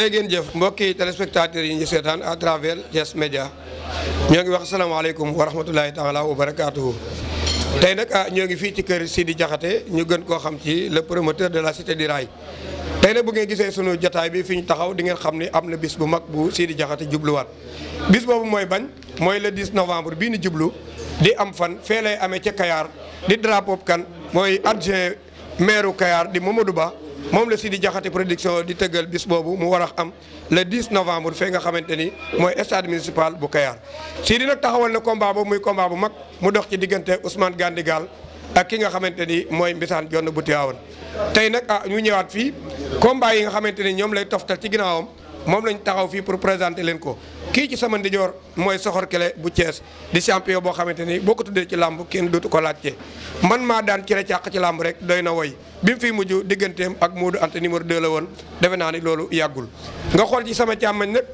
jërë ngeen jëf mbokki téléspectateurs yi ñu sétane à travers Yes Média ñu ngi wax alaykum wa rahmatullahi taala wa barakatuh tay nak ah, ñu ngi fi ci kër Sidi Jaxaté ñu gën ko xam ci le promoteur de la cité du rail tay nag bu ngeen gisé suñu jotaay bi fiñu taxaw di ngeen xam ni bis bu mag bu Sidi jublu wat bis bobu moy bañ moy le 10 novembre bi ni jublu di am fan fé lay amé ci Kayar di drapeau kan moy adjoint maire Kayar di Mamadou Ba moom la di Diakhaté production di tëggal bis boobu mu war am le 10 novembre fee nga xamante ni mooy stade municipal bu Kayar Sidi nag taxawal na combat boobu muy combat bu mag mu dox ci diggante Ousmane Gandigal ak ki nga xamante ni mooy Mbisaan Jonn bu Tiwaawan tey nag ah ñu ñëwaat fii combat yi nga xamante ni ñoom lay toftal ci ginnaawam. mom lañ taxaw fi pour présenter len ko ki ci sama ndior moy Soxor Kele bu Thiès di champion bo xamanteni boko boo ci lamb kenn dootu ko laccé man ma daan ci càq ci lamb rek doyna woy bi mu fiy ak Modou Anta numéro 2 la won defe na ni lolu yagul nga xol ci sama càmmañ nak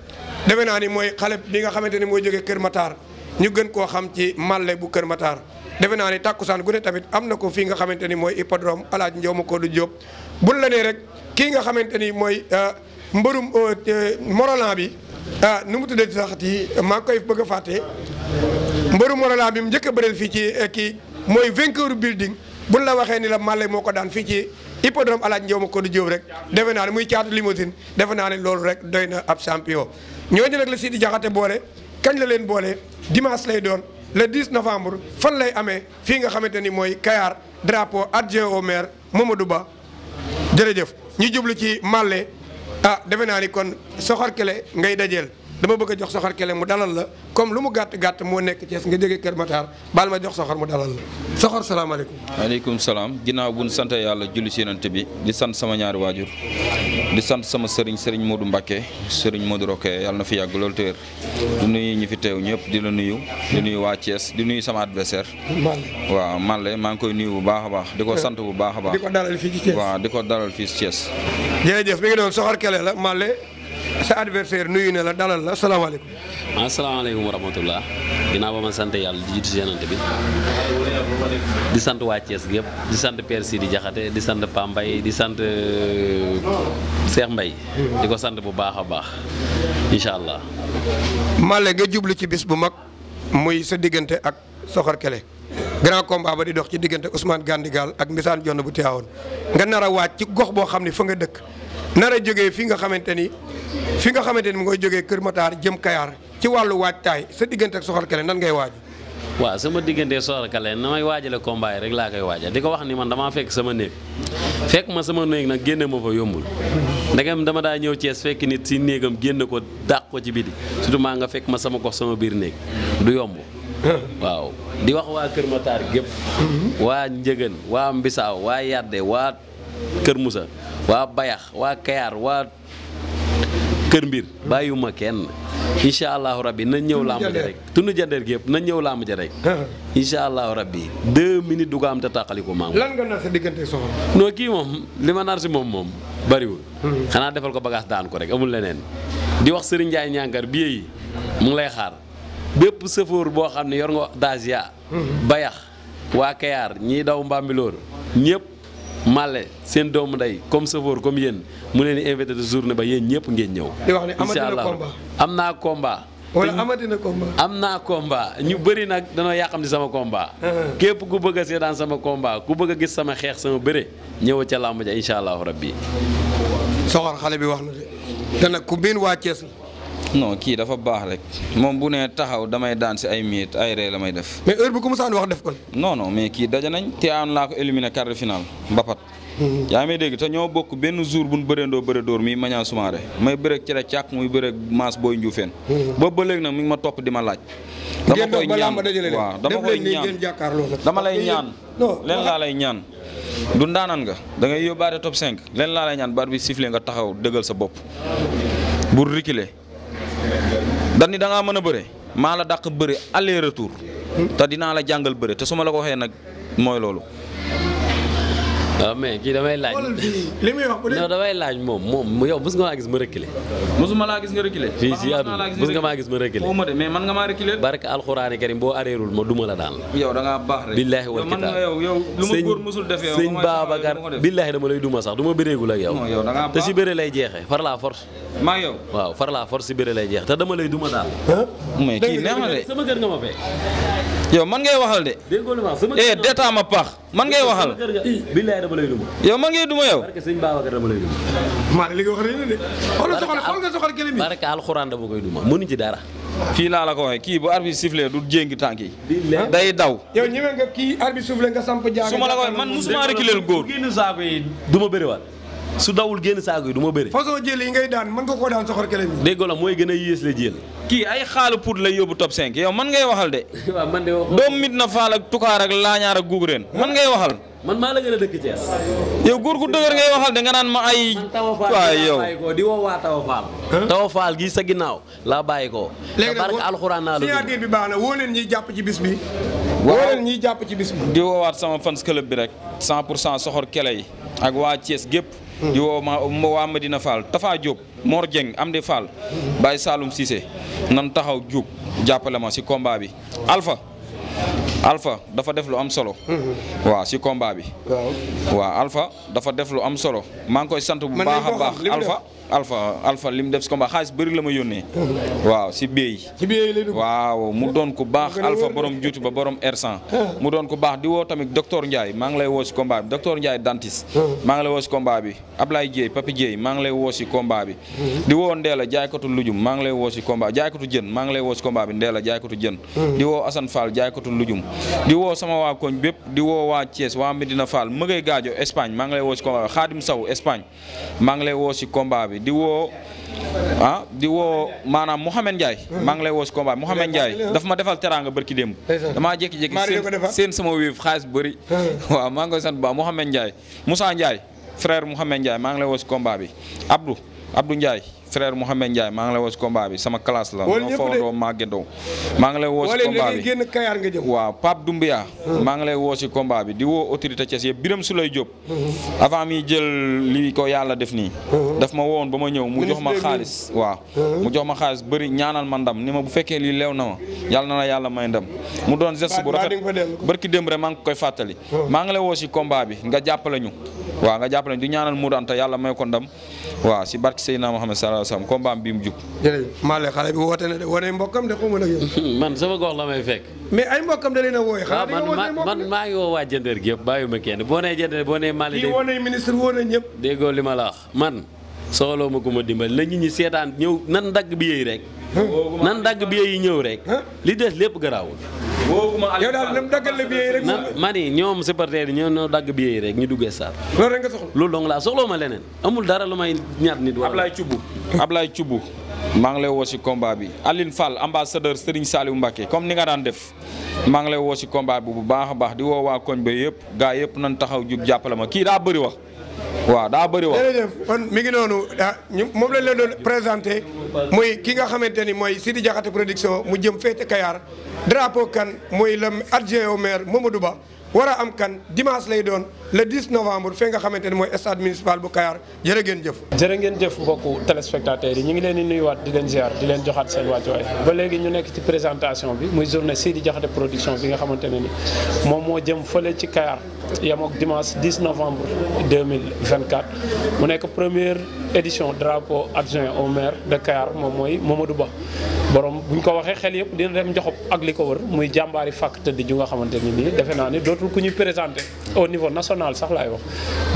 defe na ni moy xalé bi nga xamanteni moy joggé Kër Matar ñu gën ko xam ci malé bu Kër Matar defe na ni takusan gune tamit amna ko fi nga xamanteni moy hippodrome alaaj njow ma koodu Jóob la né rek ki nga xamanteni moy mooy euh, mbërum euh, Morolan bi ah nu mu di sax yi maa ngi koy bëgg fàtte mbërum Morolan bi mu njëkk a bëreel fii ci eh, kii mooy vainqueur bu nu la waxee ni la Malay moo ko daan fii ci hippodrome alaaj Ndiaye ma ko du Diop rek defe naa ne muy caatu limousine defe naa ne loolu rek doy na ab champion. ñooñu nag la Sidi Diakhaté boole kañ la leen boole dimanche lay doon le 10 novembre fan lay amee fii nga xamante ni mooy Kayar drapeau adjoint au maire Mamadou Ba jërëjëf ñu jublu ci Malay. ah defe naa ni kon soxor kele ngay dajeel dama bëgg a jox soxor kele mu dalal la comme lu mu gàtt gàtt moo nekk Thiès nga jógee Kër Matar baal ma jox soxor mu dalal la soxor salaamaaleykum. waaleykum salaam ginnaaw bu ñu sant yàlla julli si yonent bi di sant sama ñaari waajur di sant sama sëriñ sëriñ Modou Mbacke sëriñ Modou Roque yàlla na fi yàgg loolu téer di nuyu ñi fi teew ñëpp di la nuyu di nuyu waa cees di nuyu sama adversaire. waaw man la maa ngi koy nuyu bu baax a baax di ko eh. sant bu baax a baax. di ko dalal fii ko dalal fii ci Thiès. sa adversaire nuyu na la dalal la asalaamaaleykum. asalaamaaleykum wa rahmatulah. ginnaaw ba ma sant yàlla di jiitu seenante bi di sant waa Thiès gi di sant Père di Diakhaté di sant Pambay di sant euh, Cheikh mbay hmm. di ko sant bu baax a baax incha allah. Male nga jublu ci bis bu mag muy sa diggante ak Soxor Kele grand combat ba di dox ci diggante Ousmane Gandigal ak Mbisaan Jonn bu teewoon nga nar a waaj ci gox boo xam ni fa nga dëkk. nar a jógee fi nga xamante ni fi nga xamante ni mu ngay jógee Kër mataar jëm Kayaar ci wàllu waajtaay sa diggante ak Soxorkale nan ngay waaj. waaw sama diggante Soxorkale na may waajale combat rek laa koy waajal di ko wax ni man damaa fekk sama néeg fekk ma sama néeg nag génne ma fa yombul ndegam dama daa ñëw Cees fekk nit si néegam génn ko dàq ko ci biti surtout maa nga fekk ma sama gox sama biir néeg du yomb. waaw di wax waa Kër Matar gépp mm-hmm. waa Njëgën waa Mbisaaw waa waa. kër Moussa wa Bayax wa Kayar wa kër mbir bayuma kenn inshallah rabbi na ñew làmb ja rek tunu jander gi na ñew ja rek inshallah rabbi 2 minutes du ko am te tàqaliko maam lan nga na sa digante soxna no ki mom lima ma nar mom moom moom bariwul hmm. xanaa defal ko bagage daan ko rek amul leneen di wax Serigne Ndiaye ñangar bi yi mu ngi lay xaar bepp sëfoor bo yor nga dasia hmm. bayax wa Kayar ñi daw Mbambilor ñepp Malle seen doomu ndey comme Savor comme yéen mu leen di invité de journée ba yéen ñëpp ngeen ñëw. di wax ne amatina combat am naa komba wala amatina combat. am naa combat ñu bëri nag danoo yàqam di sama combat. Uh-huh. képp ku bëgg a seetaan sama combat ku bëgg a gis sama xeex sama bëre ñëw ca làmb ja incha allahu rabbi soxor xale bi wax na de ku biin waa Thiès non kii dafa baax rek moom bu nee taxaw damay daan si ay minutes ay ree la may def. mais heure bu ko Moussa wax def kon. non non mais kii daje nañ te aan laa ko éliminé quart de finale mbapat. Mhm. yaa ngi may dégg te ñoo bokk benn jour bu ñu bëreendoo bëre door mii Mañaa Soumaré may bëreeg cere càkk muy bëreeg maas booy Njuufeen. Mhm. boobu ba léegi nag mi ma topp di ma laaj. dama koy ñaan waaw dama koy ñaan dama lay ñaan. leen laa lay ñaan. du ndaanan nga da ngay yóbbaale top cinq leen laa lay ñaan baat bi nga taxaw dëggal sa bopp dañ ni da mën a bëre maa la dàq bëre aller retour hmm. te dinaa la jàngal bëre te su ma la ko waxee nag mooy loolu. waaw ah, mais kii damay laaj. li muy wax laaj moom moom yow mës nga maa gis ma reculer. mësuma laa gis nga reculer. fii si àdduna mës nga maa gis ma reculer. xawma de mais man nga maa reculer. barke alxuraani karim boo areerul ma duma la daal. yow da ngaa baax billaahi wal kitaab yow yow lu ma góor mësul def yow sëñ Babacar billaahi dama lay duma sax du ma bëreegul ak yow. yow da ngaa baax te si bëre lay jeexe far la maa waaw far la force si bëre lay jeex te dama lay duma daal. mais kii nee ma de ma fee yow man ngay waxal de. déggoo la ma sama eh, kër déetaa man ngay waxal. billaay dama lay duma. yow man ngee duma yow. barke sëñ Babacar dama lay duma. maa li wax rek de. xool nga soxal xool nga soxal gëlëm yi. barke alxuraan dama koy duma dara. fii laa la ko waxee kii bu arbitre sifflé du jéngi tànk yi. day daw. yow ñeme nga kii arbitre sifflé nga samp jaaga. su ma la ko waxee man musuma reculer góor. génn saako yi du ma bëriwaat. su dawul génn saako yi du ma bëri. façon jël yi ngay daan mën nga koo daan soxor kelem yi. déggoo la mooy gën a yées la jël ki ay xalu pour lay yóbbu top 5 yow man ngay waxal de. waaw man de waxoo doom mit na fal ak tukar ak lañar ak gugren man ngay waxal. man ma la gëna dëkk ci Thiès. yow góor gu dëgër ngay waxal de nga nan ma ay. man yow di wo wa taw fal taw fal gi sa ginaaw la bayiko ko. barka alquran na lu la bi baana wo len ñi japp ci bis bi. wo len ñi japp ci bis bi. di woowaat sama fans club bi rek. 100 soxor kelay ak wa ties gep di wo ma wa Medina fal Tafa job Mor Dieng am di Fall Baye Saloum Cissé nan taxaw jug jàppale ma si kombaa bi alfa alfa dafa def lu am solo. Mm-hmm. waa si combat bi. waaw alfa dafa def lu am solo maa ngi koy sant bu baax a baax alfa alpha alpha li mu def si combat xaalis bëri la ma yónnee. Mm-hmm. waaw si béy. si béy lay dugg waaw mu doon ku baax. alpha borom juuti ba borom r ah. mu doon ko baax di woo tamit docteur Ndiaye maa ngi lay woo si combat bi docteur Ndiaye ah. maa ngi lay woo si bi Ablaye Dieye Papi Dieye maa ngi lay woo si combat bi. Mm-hmm. di woo Ndéla jaaykatu lujum maa ngi lay woo si combat jaaykatu jën maa ngi lay woo si bi Ndéla jaaykatu jën. di woo Assane Fall jaaykatu lujum. di woo sama waa koñ bépp di woo waa Thiès waa dina Fall Mëgay Gaajo Espagne maa ngi lay woo si combat bi Xaadim Saw Espagne maa ngi lay woo si combat bi di woo ah di woo maanaam Mouhamed Ndiaye maa ngi lay woo si combat bi Mouhamed Ndiaye dafa ma defal teraanga bërki démb damaa jékki-jékki seen seen sama wéef xaalis bëri waaw maa sant bu baax Mouhamed Ndiaye Moussa Ndiaye frère Mouhamed Ndiaye maa ngi lay woo si kombaa bi Abdou Abdou Ndiaye frère mohamed Ndiaye ma ngi combat bi sama classe la ñoo fawandoo màggandoo ma ngi lay woo si combat bi wa pap dumbia ma ngi lay combat bi di wo autorité Thiès yëpp Birame Souleye job avant mi jël li ko yalla def ni daf ma won bama ñew mu jox ma xaalis wa mu jox ma xaalis beuri ñaanal man ndam nima bu fekke li lew na yalla na yalla may ndam mu don geste bu rafet barki dem re ma ngi koy fatali ma ngi lay woo si combat bi nga jappalañu wa nga jappalañu di ñaanal Anta yalla may ko ndam wa si barki muhammad sallallahu salaam combat bi mu jug. jërëjëf Mbale xale bi woote na de wane mbokkam de xaw ma nag yow. man sama gox la may fekk. mais ay mbokkam de leen a wooyee. xanaa dañoo man maa ngi woo waa jëndër gi yëpp bàyyiwuma kenn boo nee jëndër boo nee Mali. kii woonee ministre woonee ñëpp. déggoo li ma la wax man soxloo ma ko ma dimbali la nit ñi seetaan ñëw nan ndagg bi yëy rek nan dag billet yi ñew rek li des lepp garaawul woguma yow dal nam dagal la yi rek mani ñom supporter yi ñoo ñoo dagg billet yi rek ñu duggé stade lool rek nga soxla lool dong la soxlo ma lenen amul dara lu ñaat nit wala ablay ciubu ablay ciubu ma ngi lay woo si combat bi Aline Fall ambassadeur Serigne Saliou mbake comme ni nga dan def ma ngi lay woo si combat bi bu baax baax di wo wa koñ be yépp gaa yépp nan taxaw juk jappalama ki da daa bëri wax waaw daa bëri wax jërëjëf kon mi ngi noonu ah, ñu moom la leen doon présenté muy ki nga xamante ni mooy Sidi Diakhaté production mu jëm féete Kayar drapeau kan mooy muy le adjoint au maire Mamadou Ba wara am kan dimanche lay doon le 10 novembre fee nga xamante ne mooy stade municipal bu Kayar jërë ngeen jëf. jërë ngeen jëf mbokku téléspectateurs yi ñu ngi leen di nuyuwaat di leen ziar di leen joxaat seen wàccuwaay ba léegi ñu nekk ci présentation bi muy journée Sidi joxate production bi nga xamante ne ni moom moo jëm fële ci Kayar yam dimanche 10 novembre 2024 mu nekk première édition drapeau adjoint au maire de Kayar moom mooy Mamadou Ba. borom ñu ko waxee xel yëpp dina dem njoxob ak li ko wër muy jàmbaari fàkk tëdd ju nga xamante ni nii defe naa ni dootul ku ñuy présenté au niveau national sax laay wax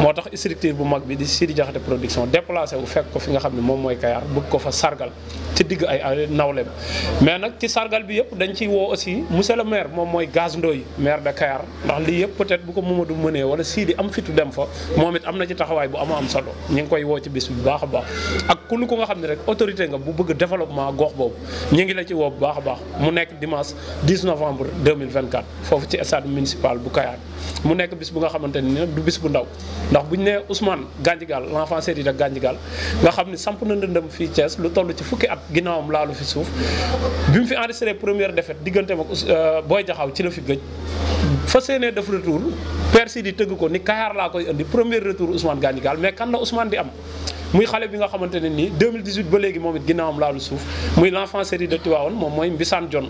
moo tax structure bu mag bi di Sidi Diakhaté production déplacé wu fekk ko fi nga xam ne moom mooy Kayar bëgg ko fa sargal ci digg ay nawleem mais nag ci sargal bi yëpp dañ ciy woo aussi mu le maire moom mooy gaz Ndoye maire de Kayar ndax lii yëpp peut-être bu ko Mamadou mënee wala Sidi am fitu dem fa moom it am na ci taxawaay bu ama am solo ñu ngi koy woo ci bis bu baax a baax ak kul ko nga xam ne rek autorité nga bu bëgg développement gox boobu ñu ngi la ci woo bu baax a baax mu nekk dimanche 10 novembre 2024 foofu ci stade municipal bu Kayar mu nek bis bu nga xamanteni du bis bu ndaw ndax buñ né Ousmane Gandigal l'enfant série de Gandigal nga xamni ni samp na ndëndëm fi Thiès lu tollu ci fukki at la lu fi suuf bimu fi enregistrer première défaite digënté mak euh, Boy Jaxaw ci la fi gëj def retour persi di teug ko ni Kayar la koy andi premier retour Ousmane Gandigal mais kan la Ousmane di am muy xalé bi nga xamanteni ni 2018 ba légui momit it la lu souf muy l'enfant série de tiwaone mom moy Mbissane Dione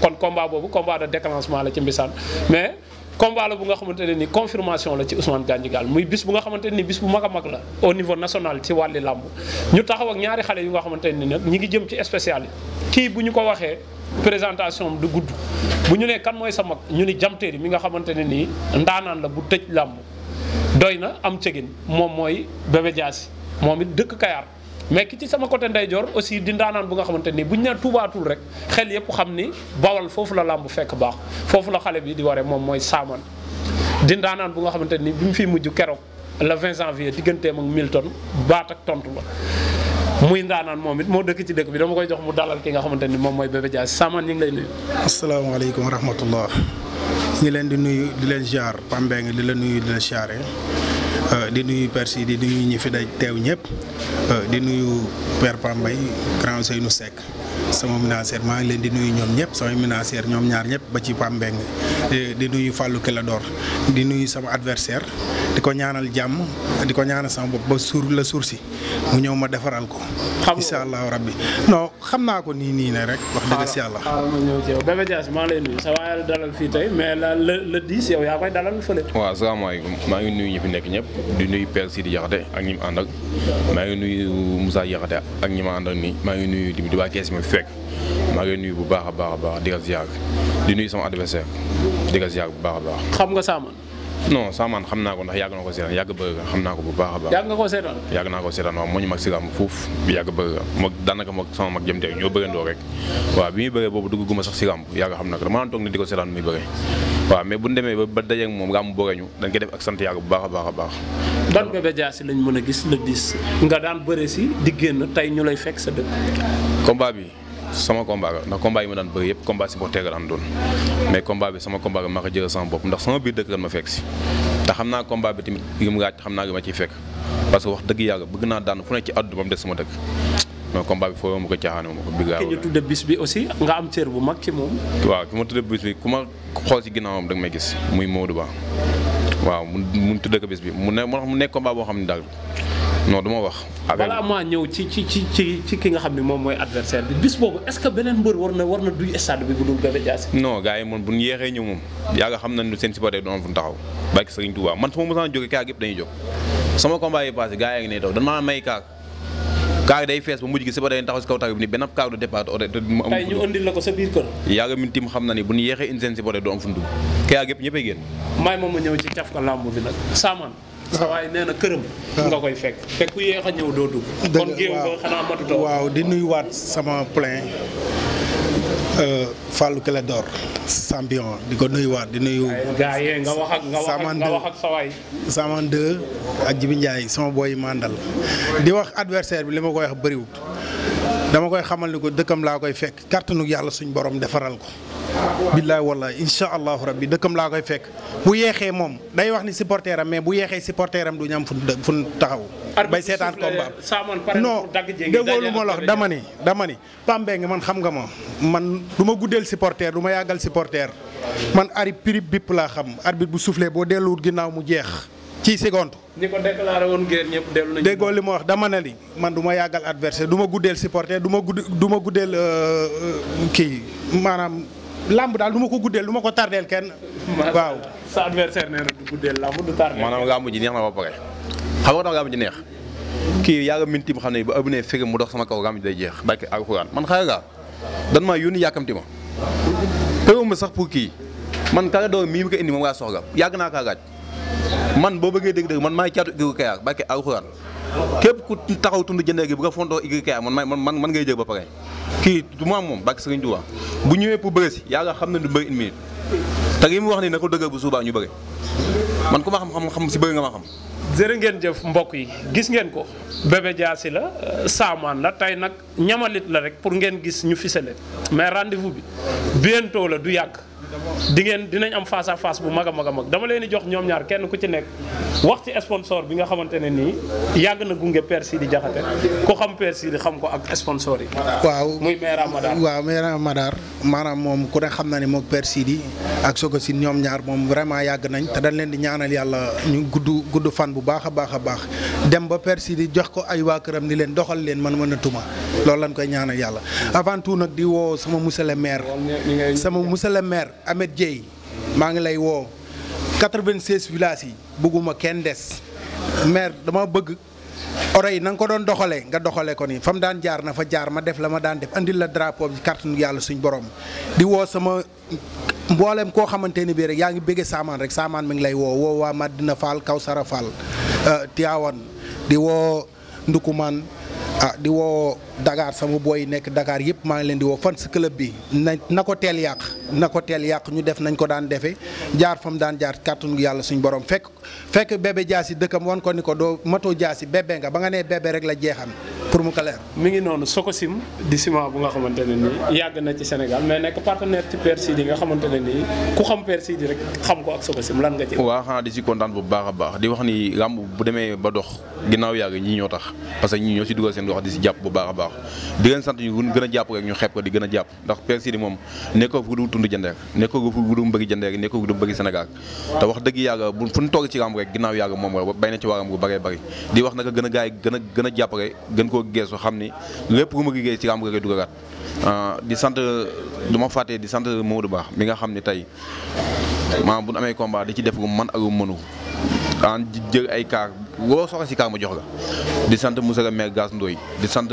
kon combat bobu combat de déclenchement la ci Mbissane mais combat la bu nga xamante ne ni confirmation la ci Ousmane Gandigal muy bis bu nga xamante ne ni bis bu mag a mag la au niveau national ci wàlli làmb ñu taxaw ak ñaari xale yu nga xamante ne ni nag ñi ngi jëm ci spécial kii bu ñu ko waxee présentation du gudd bu ñu nee kan mooy sa mag ñu ni yi mi nga xamante ne nii ndaanaan la bu tëj làmb doy na am cëgin moom mooy Bébé Diassi moom it dëkk Kayar mais ci sama côté jor aussi di ndanan bu nga xamante ni buñ ne tubaatul rek xel yépp xamni bawal fofu la lamb fekk bax fofu la xalé bi di waré mom moy saaman di ndanan bu nga xamanteni fi le 20 janvier Milton baat ak tontu ba muy ndanan momit mo dëkk ci dëkk bi dama koy jox mu dalal ki nga xamanteni mom moy Bébé Diaz saaman ñi ngi lay nuyu. assalamu alaykum rahmatullah ñi leen di nuyu di leen ziar di nuyu di Euh, di nuyu persi di nuyu ñi fi daj teew ñëpp euh, di nuyu Père Pambay grand Seynou Seck sama ménagère maa ngi leen di nuyu ñoom ñëpp sama ménagère ñoom ñaar ñëpp ba ci Pam Mbeng eh, di nuyu Fallou Kelador di nuyu sama adversaire di ko ñaanal jàmm di ko ñaanal sama bopp ba suur la suur si mu ñëw ma defaral ko. xam incha allahu rabbi non xam naa ko nii nii ne rek. wax dëgg si maa fii tey mais la le 10 yow yaa koy dalal ngi nuyu ñi fi nekk ñëpp di nuyu Père Sidi Diakhaté ak ñi ànd ak maa ngi nuyu Moussa Diakhaté ak ñi ànd ak nii maa ngi nuyu tamit waa kees mi fekk Seck maa ngi nuyu bu baax a baax di nga ziar di nuyu sama adversaire di nga ziar bu baax baax. xam nga saman non saman xamna ko ndax yag nako sétan yag beug xamna ko bu baax baax. yag nga ko sétan yag nako sétan seetaan waaw moo ñu mag si am fuuf yàgg bëgg mo daanaka moom sama mag jëm tey ñoo bëggandoo rek wa bi muy bëggee boobu dugguma sax si am yàgg xam ko dama naan toog ne di ko seetaan muy bëggee mais bu ñu ba ba ak mom gam am boogeñu dañ ko def ak sante yag bu baax a baax a baax. ban Bébé lañ mëna gis le 10 nga daan bëre ci di génn tey ñu lay fekk sa dëkk. combat bi sama combat la ndax combat yi ma daan bëri yëpp combat supporter la doon mais combat bi sama combat bi ma ko jëlee sama bopp ndax sama biir dëkk la ma fekk si te xam naa combat bi tamit li mu laaj xam naa naa daan fu ne ci ko caaxaane ma ko bi ki ñu bis bi aussi nga am cër bu mag ci moom waaw ki ma tudde bis bi gis muy Modou Ba waaw mu mu bis bi mu ne mu nekk combat boo xam ne daal non du wax. balaa maa ñëw ci ci ci ki nga xam ne moom mooy adversaire bi bis boobu est-ce que beneen mbër war na war na duy stade bi bu dul Bébé Diassy. non gars yi moom bu ñu yéexee ñëw moom yaa nga xam nañ ne seen supporter na ni bu ñu yéexee du am fu ñu dugg gépp ñëppay génn may moom ma ñëw ci caf ko lamb bi nag saaman waaye nee na këram. Ah. nga koy fekk te ku yéex a ñëw doo dugg. kon géew nga xanaa matutoo waaw di nuyuwaat sama plein euh, Fallou Clédor champion di ko nuyuwaat di nuyu. gaa yee nga wax sama booy màndal di wax adversaire bi li ma koy wax bëriwut dama koy xamal ni ko dëkkam laa koy fekk kàttanu yàlla suñ borom defaral ko. billahi wallahi inshallah allahu rabbi dëkkam la koy fek bu yexé mom day wax ni supporter mais bu yexé supporter du ñam am fu fu taxaw bay seetaan combat non déggoolu ma dama ni dama ni pambe nga man xam nga man duma guddel supporter duma yagal supporter man ari pirip bip la xam arbitre bu soufflé bo delluwut ginaaw mu jeex ci seconde niko déclarer won ñep delu nañu li wax dama na li man duma yagal adversaire duma guddel supporter duma ma gudd du euh, euh, làmb daal du ma ko guddeel du ma ko tardeel kenn. waaw sa adversaire nee du guddeel làmb du tardeel. maanaam làmb ji neex na ba pare xam nga tax làmb ji neex kii yaa nga min tim xam ne ba ëpp ne fekk mu dox sama kaw làmb ji day jeex barke alxuraan man xaaral laa dan maa yónni yàkkamti ma. pewu sax pour kii man kàlla doom mii mi ko indi moom laa soxla yàgg naa kaa man boo bëggee dëgg-dëgg man maay caatu kii wu Kayaar barke alxuraan képp ku taxaw tund jëndee gi bu nga fontoo IKEA man man man man ngay jël ba pare kii du ma am moom bàkk Sëriñ Tuubaa bu ñëwee pour bëre si yàlla xam ne du bëri une minute te li mu wax ni na ko dëggal bu subaa ñu bëri man ku ma xam xam si bëri nga ma xam jërë ngeen jëf mbokk yi gis ngeen ko Bébé si la saamaan la tey nag ñamalit la rek pour ngeen gis ñu fisale mais rendez-vous bi bientôt la du yàgg di ngeen dinañ am face à face bu maga maga mag dama leen di jox ñom ñaar kenn ku ci nek wax sponsor bi nga xamantene ni yag na gungé persi di jaxate ko xam persi di xam ko ak sponsor yi. waaw muy mera Madar waaw mera Madar manam mom ku ne xam na ni persi di ak Soko si ñom ñaar mom vraiment yag nañ te dañ leen di ñaanal yalla ñu guddu guddu fan bu baaxa baaxa baax dem ba persi di jox ko ay wa këram ni leen doxal leen man mëna tuma loolu lañ koy ñaanal yalla avant tout nak di wo sama monsieur le sama monsieur le Ahmed Dieye maa ngi lay woo 96 villages yi bëgguma kenn des maire dama bëgg oro yi na nga ko doon doxalee nga doxalee ko nii fa mu daan jaar na fa jaar ma def la ma daan def indi la drapeau bi kàttanu yàlla suñu borom di woo sama mboolem koo xamante ni bii rek yaa ngi bëggee saamaan rek saamaan mi ngi lay woo woo waa Madina Fall Kawsara Fall euh, Tiawan di woo Ndukumaan ah di woo Dakar sama booy nekk dakaar yëpp maa ngi leen di woo fan si club bi na na ko teel yàq na ko teel yàq ñu def nañ ko daan defee jaar fam daan jaar kàttanu yàlla suñu borom fekk fekk bébé jaasi dëkkam wan ko ni ko doo matoo jaasi bébé nga ba nga nee bébé rek la jeexan pour mu ko leer mi ngi noonu Sococim di ciment bu nga xamante ne nii yàgg na ci Sénégal mais nekk partenaire ci Père Sidi nga xamante nii ku xam Père Sidi rek xam ko ak Sococim lan nga ci. waaw xanaa di si bu baax a baax di wax ni làmb bu demee tax a baax di leen sant ñu gën a jàpp rek ñu xeeb ko di gën a jàpp ndax Père Sidi moom nekkoo fu du tund jëndeer nekkoo fu du bëgg jëndeer nekkoo fu du bëgg Sénégal te wax dëgg yàgg fu ñu toog ci làmb rek ginnaaw yàgg moom bay na ci waaram bu bëree bëri di wax naka gën a gaay gën a gën a jàpp rek gën ko geesu xam ni lépp lu ma liggéey ci làmb rek dugalaat ah, di sant du ma fàttee di sant du Ba bi nga xam ne tey maanaam bu ñu amee combat di ci def lu man ak lu mënu ah jël ay kaar loo soxla si kaar ma jox la di sant monsieur le maire Gass Ndoye di sant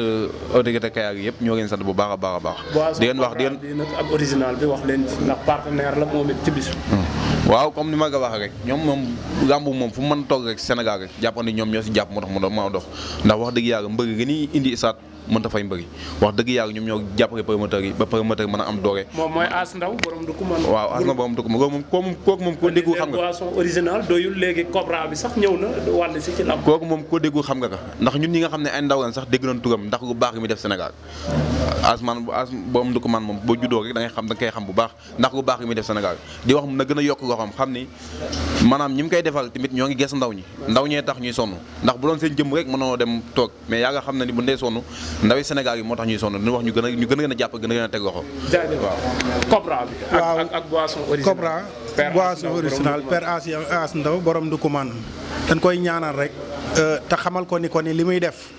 autorité Kayar yëpp ñoo leen sant bu baax a baax a baax. di leen wax di leen ak original bi wax leen ci ndax waaw comme ni ma ko waxee rek ñoom moom làmb moom fu mu mën toog rek Sénégal rek jàppandi ñoom ñoo si jàpp moo tax mu doon dox wax dëgg yàlla mbëri gi nii indi isaat mën ta fay wax dëgg yàlla ñoom ñoo jàppale promoteur a am doore. moom mooy As Ndaw borom dëkku man. waaw As moom kooku moom kooku moom koo déggu xam nga. boisson original doyul léegi Cobra moom koo déggu xam nga ka ndax ñun ñi nga xam ne ay ndaw lañ sax dégg nañ turam baax mi def Sénégal asman as borom man moom boo juddoo rek da ngay xam da nga xam bu baax ndax lu baax mi def Sénégal di wax na gën a yokk goxam xam ni maanaam ñi mu koy defal tamit ñoo ngi ges ndaw ñi ndaw ñee tax ñuy sonn ndax bu doon seen jëmm rek mënoo dem toog mais yaa nga xam na ni bu ndee sonn ndawi Sénégal yi moo tax ñu gën a a gën a jàpp gën a gën a teg goxo waaw Cobra bi ak ak boisson original Cobra boisson As Ndaw borom du kumaan koy ñaanal rek euh, te xamal ko ni ko ni li muy def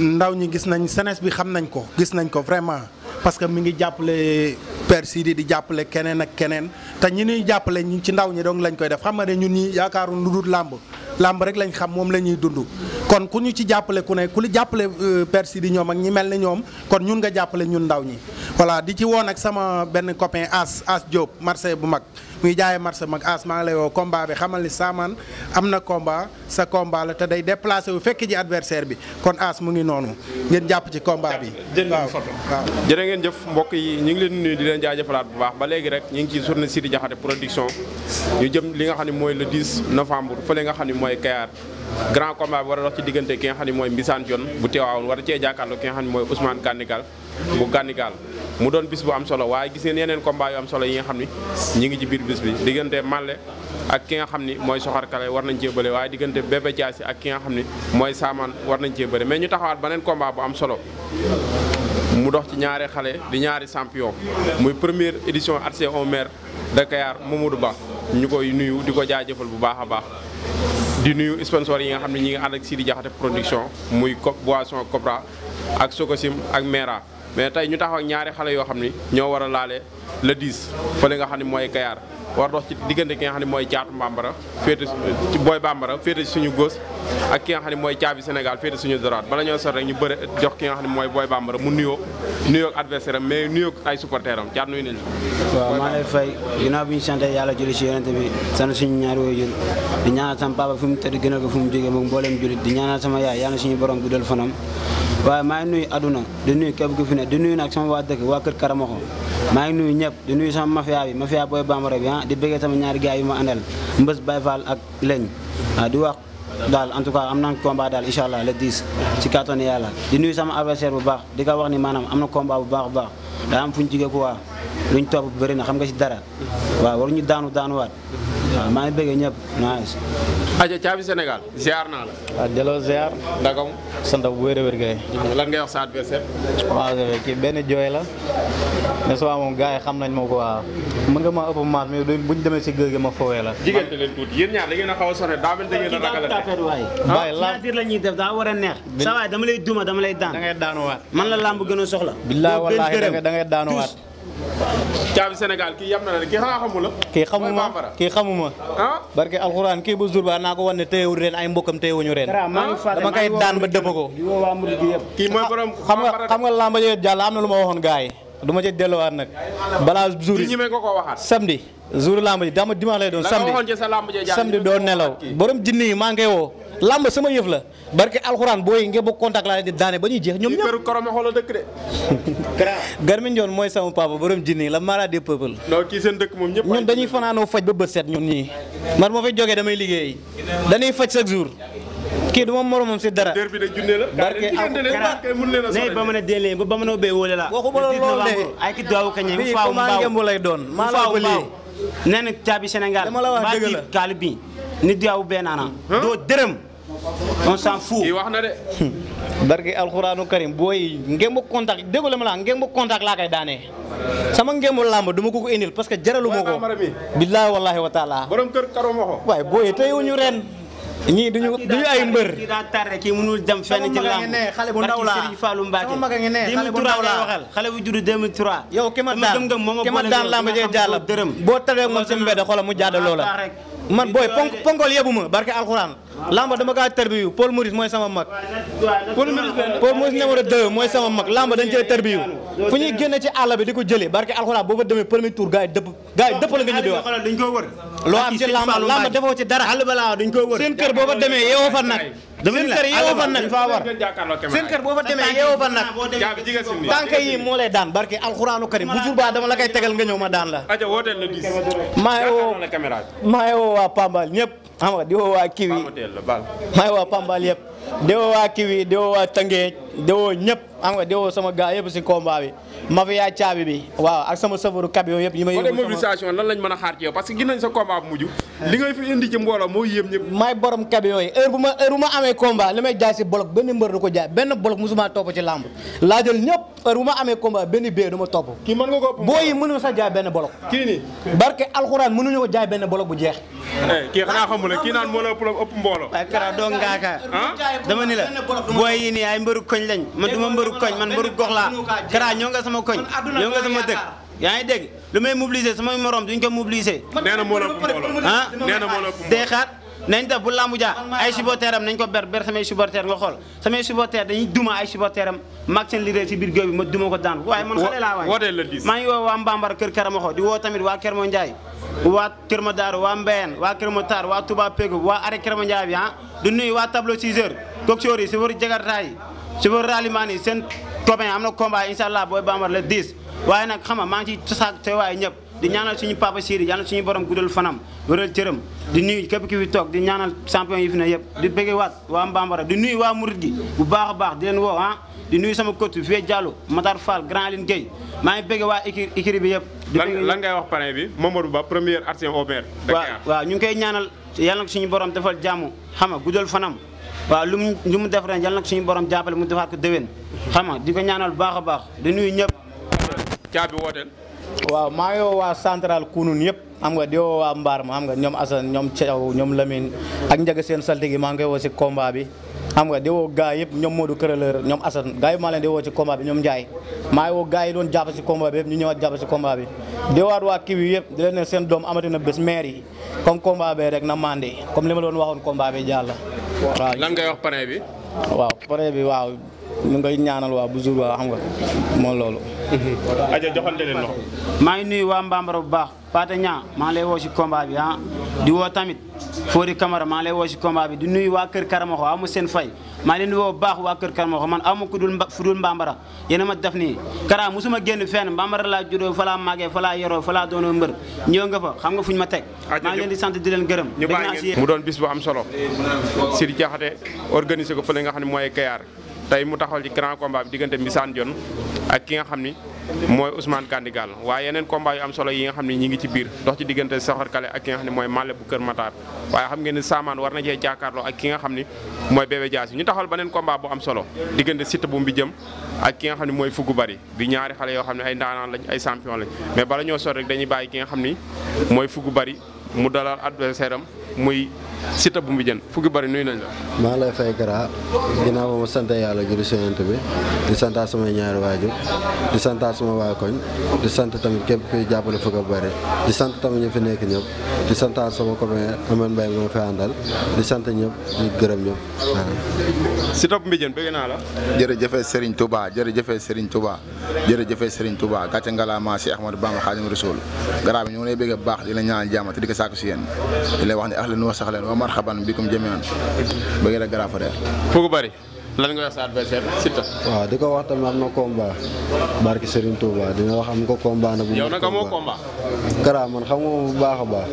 ndaw ñi gis nañ senes bi xam nañ ko gis nañ ko vraiment parce que mu ngi jàppale Père Sidi di jàppale keneen ak keneen te ñi ñuy jàppale ñi ci ndaw ñi doon lañ koy def xam nga ñun ñi yaakaaru lu dul làmb làmb rek lañ xam moom la ñuy dund kon ku ñu ci jàppale ku ne ku li jàppale euh, Père Sidi ñoom ak ñi mel ni ñoom kon ñun nga jàppale ñun ndaw ñi voilà di ci woon ak sama benn copain As As Diop marché bu mag muy jaay marché mag as maa ngi lay woo combat bi xamal ni saamaan am na combat sa combat la te day déplacé wu fekk ji adversaire bi kon as mu ngi noonu ngeen jàpp ci combat bi waaw waaw jërë ngeen jëf mbokk yi ñu ngi leen nuyu di leen jaajëfalaat bu baax ba léegi rek ñu ngi ci journée Sidi Diakhaté production ñu jëm li nga xam ne mooy le 10 novembre fële nga xam ne mooy Kayar grand combat bi war a dox ci diggante ki nga xam ne mooy Mbisaan Jon bu teewaawoon war a cee jàkkaarloo ki xam ne mooy Ousmane Gandigal bu mu doon bis bu am solo waaye gis ngeen yeneen combat yu am solo yi nga xam ni ñi ngi ci biir bis bi diggante Malle ak ki nga xam ni mooy soxar kale war nañ cee bëre waaye diggante Bébé Diassi ak ki nga xam ni mooy saamaan war nañ cee bëre mais ñu taxawaat beneen combat bu am solo mu dox ci ñaari xale di ñaari champion muy première édition rc au maire de Kayar Mamadou Ba ñu koy nuyu di ko jaajëfal bu baax a baax di nuyu sponsor yi nga xam ne ñi ngi ànd ak Sidi Jaxate production muy boisson Cobra ak Sokosim ak Mera mais tey ñu taxaw ñaari xale yoo xam ni ñoo war a laale le 10 fële nga xam ne mooy Kayar war dox ci diggante ki nga xam ne mooy caatu bambara booy bambara féete ci suñu gos ak ki nga mooy caabi Sénégal féete suñu droite bala ñoo sot rek ñu bëre jox ki nga xam ne mooy booy bambara mu nuyoo nuyoo ak adversaire am mais nuyoo ay supporter am caat nuyu nañu waaw maa lay fay ginnaaw bi ñu sante yàlla julli si yonente bi sant suñu ñaari waajur di ñaanal sama papa fu mu tëdd gënal ko fu mu jógee moom mbooleem yaay yàlla suñu borom guddal fanam waaye maa ngi nuyu aduna di nuyu képp ku fi ne di nuyu nag sama waa dëkk waa kër Karamoxo maa ngi nuyu ñëpp di nuyu sama mafia bi mafia booy bambara bi ah di bëggee sama ñaari gars yu ma àndal mbës Baye ak Leñ waaw ah, di wax daal en tout cas am na combat daal incha allah le 10 ci kàttanu yàlla di nuyu sama adversaire bu baax di ko wax ni maanaam am na combat bu baax bu baax daa am fu ñu jigee ko waa luñ bu bëri na xam nga ci dara waaw waruñu daanu daanuwaat waaw maa ngi bëgg ñëpp nice. aja caabi Sénégal ziar naa la. waaw delloo sa ndagam. bu wér a wér kay. lan ngay wax sa adversaire. waaw kii benn jooy la. ne souvent moom gars xam nañ ma ko waaw. mën nga maa ëpp maat mais buñ demee si géej gi ma foowee la. jigéente leen tuuti yéen ñaar a a daa a la ñuy def daa war a neex. sa waay dama lay duma dama lay daan. da ngay daanuwaat. man la làmb gën a soxla. billaay wallaay da ngay daanuwaat caabi Sénégal kii yam na la kii xanaa xamu la. kii xamuma kii xamuma. ah barke alxuraan kii bu Zourba naa ko wan ne téyewul ren ay mbokkam téyewuñu ren. dama kay daan ba dëpp ko. kii mooy borom xam nga xam nga lamba jëyet jàll am na lu ma waxoon gaay yi du ma nag balaa jour yi ñi ko ko waxaat samedi jour làmb ji dama dimanche lay doon samedi samedi doo nelaw borom jinni yi maa ngi koy woo làmb sama yëf la barke alxuraan booy ngeen bokk contact laa di daane ba ñuy jeex ñoom ñëpp koroma xoola dëkk de Garmin Ndione mooy sama papa borom jinni la mara des peuples non kii seen dëkk moom ñëpp ñun dañuy fanaanoo faj ba bët set ñun ñii man moo fay jógee damay liggéey dañuy faj chaque jour kii du ma si dara derbi de junne la barke ba mën a délee ba mën a ubbee wóole la waxuma loolu de ay ki daaw kañ faaw mbaaw nen caabi Sénégal baaji kaali bi nit yaaw beenaana doo dërëm on s'en fout wax na de barke alxuraanu karim booy ngémbu contact déggu la ma laa ngémbu contact laa koy daanee sama ngémbu làmb duma ko ko indil parce que jaralu ko billaahi wallaahi wa taala booy tey ñu ren ñii duñu duñu ay mbër kii daa tardé kii mënul dem fenn ci lamb xale bu ndaw la Serigne Fallou Mbacke sama mag a ngi ne xale bu ndaw la waxal xale bu judd 2003 yow ki daan ki ma daan lamb jee jàll dërëm boo tawee moom si mbedd xoolal mu jaada loola man booy ponk ponkol yebu ma barke alxuraan lamba dama kaa terbiyu Paul Maurice mooy sama mag. Paul Maurice numéro 2 mooy sama mag lamba dañ cee terbiyu fu ñuy génne ci àll bi di ko jëlee barke alxuraan boo fa demee premier tour gars yi dëpp gars yi dëpp la nga loo am ci lamba lamba ci dara. seen kër boo fa demee yeewoo fa nag. seen kër yeewoo fan nag faa war seen kër boo fa demee yeewoo fan nag tànk yi daan barke alxuraanu karim bu jur ba dama la koy tegal nga ñëw ma daan la maa woo maa woo waa Pambal ñëpp xam nga di woo waa Kiwi maa woo waa Pambal yëpp di woo waa Kiwi di woo waa Tëngéej di woo ñëpp xam nga di woo sama gaa yëpp si combat bi ma fi yaay caabi bi waaw ak sama safaru kab yooyu yëpp. yi ma yóbbu sama mobilisation lan lañ mën a xaar ci yow parce que gis nañ sa combat bu mujj. Ah. li ngay fi indi ci mbooloo moo yéem ñëpp. may borom kab yooyu heure bu ma heure bu ma amee combat li may jaay si bolok benn mbër du ko jaay benn bolok musuma topp ci làmb laa jël ñëpp bu ma amee combat benn bee du ma topp. boo yi mënuñu sa jaay benn bolok. kii nii barke alxuraan mënuñu ko jaay benn bolok bu jeex. Eh, kii la ëpp mbooloo. waaye kara doo ngaaka ah? sama koñ yow nga sama dëkk yaa ngi dégg lu may mobiliser samay morom duñ ko mobiliser nee na moo la ah nee na moo la day xaar nañ def bu làmbu jaa ay supporteram nañ ko ber ber samay supporter nga xool samay supporter dañuy duma ay supporteram mag seen leader si biir géew bi ma duma ko daan waaye man xale laa waaye maa ngi woo waa Mbambar kër Karamaxo di woo tamit waa Kër Mandiaye waa Kër Madar waa Mbeyen waa Kër Matar waa Touba Pego waa arrêt Kër Mandiaye bi ah du nuyu waa tableau 6 heures coxeur yi si war jagartaay si war rallimaan yi seen Topin am na combat incha allah booy bambar le 10 waaye na xam nga maa ngi ci saag teewaay ñëpp di ñaanal suñu papa Siri yàlla suñu borom guddal fanam wëral cëram di nuyu képp ki fi toog di ñaanal champion yi fi ne yëpp di bëggee waat waa Mbambara di nuyu waa murit gi bu baax a baax di leen woo ah di nuyu sama coach bi fee Diallo Matar Fall Grand Aline Gueye maa ngi bëggee waa écurie écurie bi yëpp lan ngay wax parrain bi Mamadou Ba premier artien au maire waaw waaw ñu ngi koy ñaanal yàlla suñu borom defal jàmm xam nga guddal fanam waaw lu mu lu mu def ren yal nag suñu borom jàppale mu defaat ko déwén xam nga di ko ñaanal baax a baax di ñëpp. caabi wooteel. waaw maa ngi woo waa central kunun yëpp am nga di woo waa mbaar ma am nga ñoom Assane ñoom Thiaw ñoom Lamine ak njaga seen saltigi maa ngi koy woo si combat bi nga di woo gars yëpp ñoom Modou Kërëleur ñoom Assane gars yi ma leen di woo si combat bi ñoom Ndiaye maa ngi woo gars yi doon jàpp si combat bi ñu ñëwaat jàpp si combat bi waat waa kii bi yëpp di leen seen doom amati na bés maire yi comme combat bi rek na mandé comme li ma doon waxoon combat bi waaw lan ngay wax parrain bi. waw parrain bi waaw mu ngi koy ñaanal waa bu jour waa xam nga moo loolu. Mhm. aja joxante leen loxo. maa ngi nuyu waa Mbambara bu baax Pate ñaa maa ngi lay woo si combat bi ah di woo tamit Fodé Camara maa ngi lay woo si combat bi di nuy waa Kër Karamoxo amu seen fay maa leen di woo baax waa Kër Karamoxo man amu ku dul fu dul Mbambara a ma def nii Kara musuma génn fenn Mbambara laa juddoo fa laa màggee fa laa yoroo fa laa doonoo mbër ñëw nga fa xam nga fuñ ma teg. maa ngi leen di sant di leen gërëm. mu doon bis bu am solo. Sidi Diakhaté organiser ko fële nga xam ne mooy Kayar tey mu taxawal ci grand combat bi diggante Mbissane Dione ak ki nga xam ni mooy Ousmane Gandigal waaye yeneen combat yu am solo yi nga xam ni ñi ngi ci biir dox ci diggante Soxor Kale ak ki nga xam ne mooy Malé bu Kër Matar waaye xam ngeen war na cee jàkkaarloo ak ki nga xam ni mooy Bébé Dias ñu taxawal beneen combat bu am solo diggante Siteu bu Mbijëm ak ki nga xam ne mooy Fugu Bari di ñaari xale yoo xam ne ay ndaanaan lañ ay champion lañ mais bala ñoo sot rek dañuy bàyyi ki nga xam ni mooy Fugu Bari mu dalal adversaire am muy Siteu bu Mbijeen fukki bari nuyu nañ la. maa lay fay Kara ginnaaw ba ma sant yàlla julli Yonent bi di santaat samay ñaari waajur di santaat sama waa koñ di sant tamit képp kuy jàppale fukki bari di sant tamit ñu fi nekk ñëpp di santaat sama copain Amane Mbaye moo fi àndal di sant ñëpp di gërëm ñëpp waaw. Siteu bu Mbijeen bëgg naa la. jërëjëf Serigne Touba jërëjëf Serigne Touba jërëjëf tubaa Touba gàcce ngalaamaa si Ahmadou Bamba Xaadimu Rasuul garab yi ñu ngi lay bëgg baax di la ñaanal jàmm te di si yéen ahlan wa sahlan wa marhaban bikum jami'an bëgg la Grand Frère. fu ko bari. lan nga wax sa adversaire Siteu. waaw di ko wax tamit am na combat barki Serigne Touba dina wax am ko combat nag. yow nag amoo combat. Kara man xam nga bu baax a baax.